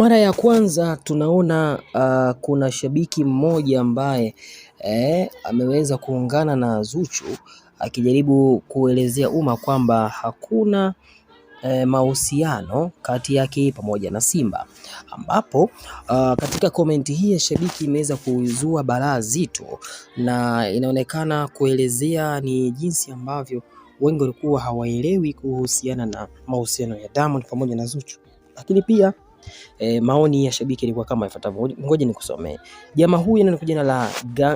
Mara ya kwanza tunaona uh, kuna shabiki mmoja ambaye eh, ameweza kuungana na Zuchu akijaribu kuelezea umma kwamba hakuna eh, mahusiano kati yake pamoja na Simba, ambapo uh, katika komenti hii ya shabiki imeweza kuizua balaa zito, na inaonekana kuelezea ni jinsi ambavyo wengi walikuwa hawaelewi kuhusiana na mahusiano ya Diamond pamoja na Zuchu, lakini pia E, maoni ya shabiki ilikuwa kama ifuatavyo, ngoja nikusomee. Jamaa huyu anakuja jina la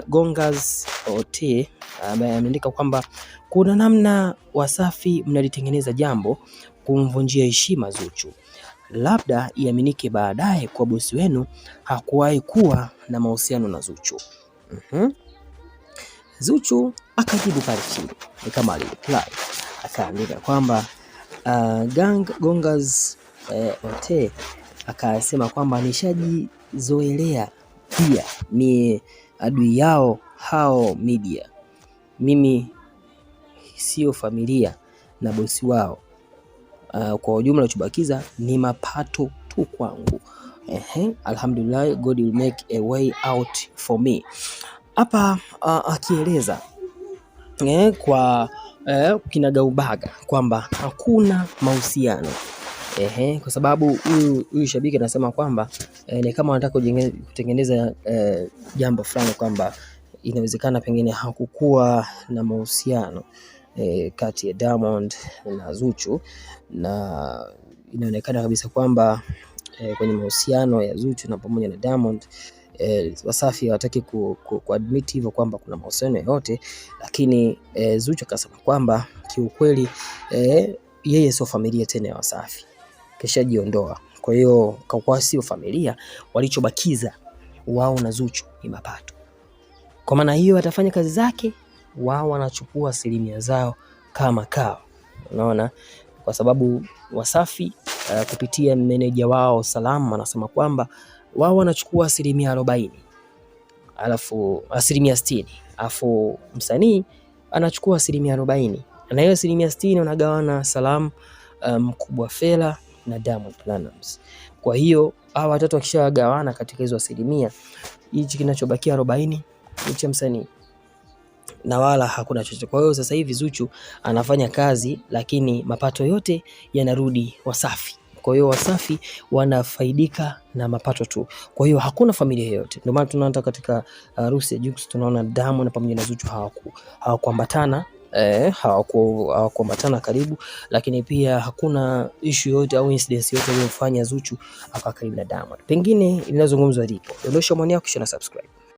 Gongas Ot ambaye ameandika kwamba kuna namna Wasafi mnalitengeneza jambo kumvunjia heshima Zuchu, labda iaminike baadaye kwa bosi wenu hakuwahi kuwa na mahusiano na Zuchu. mm -hmm. Zuchu akajibu pale chini ni kama alireply akaandika kwamba uh, Gongas eh, Ot akasema kwamba nishajizoelea pia ni adui yao hao media, mimi sio familia na bosi wao. Uh, kwa ujumla uchobakiza ni mapato tu kwangu. Ehe, alhamdulillah, God will make a way out for me. Hapa uh, akieleza eh, kwa eh, kinagaubaga kwamba hakuna mahusiano Ehe, kwa sababu huyu shabiki anasema kwamba e, ni kama anataka kutengeneza e, jambo fulani kwamba inawezekana pengine hakukuwa na mahusiano e, kati ya Diamond na Zuchu na inaonekana kabisa kwamba e, kwenye mahusiano ya Zuchu na pamoja na Diamond e, Wasafi hawataki ku, ku, ku hivyo kwamba kuna mahusiano yoyote, lakini e, Zuchu akasema kwamba kiukweli e, yeye sio familia tena ya Wasafi kishajiondoa. Kwa hiyo kwa sio familia, walichobakiza wao na Zuchu ni mapato. Kwa maana hiyo atafanya kazi zake, wao wanachukua asilimia zao kama kao, unaona, kwa sababu Wasafi uh, kupitia meneja wao Salam anasema kwamba wao wanachukua asilimia arobaini alafu asilimia sitini alafu msanii anachukua asilimia arobaini na hiyo asilimia sitini wanagawana Salam eh, mkubwa um, Fela na Diamond Platnumz. Kwa hiyo hawa watatu wakishagawana katika hizo asilimia, hichi kinachobakia 40 ni cha msanii na wala hakuna chochote. Kwa hiyo sasa hivi Zuchu anafanya kazi, lakini mapato yote yanarudi Wasafi. Kwa hiyo Wasafi wanafaidika na mapato tu. Kwa hiyo hakuna familia yoyote. Ndio maana tunaona katika uh, harusi uh, ya Jux tunaona Diamond pamoja na Zuchu hawakuambatana hawaku eh, hawakuambatana karibu, lakini pia hakuna issue yoyote au incident yoyote iliyofanya Zuchu akawa karibu na Diamond. Pengine linazungumzwa lipo. Dondosha maoni yako kisha na subscribe.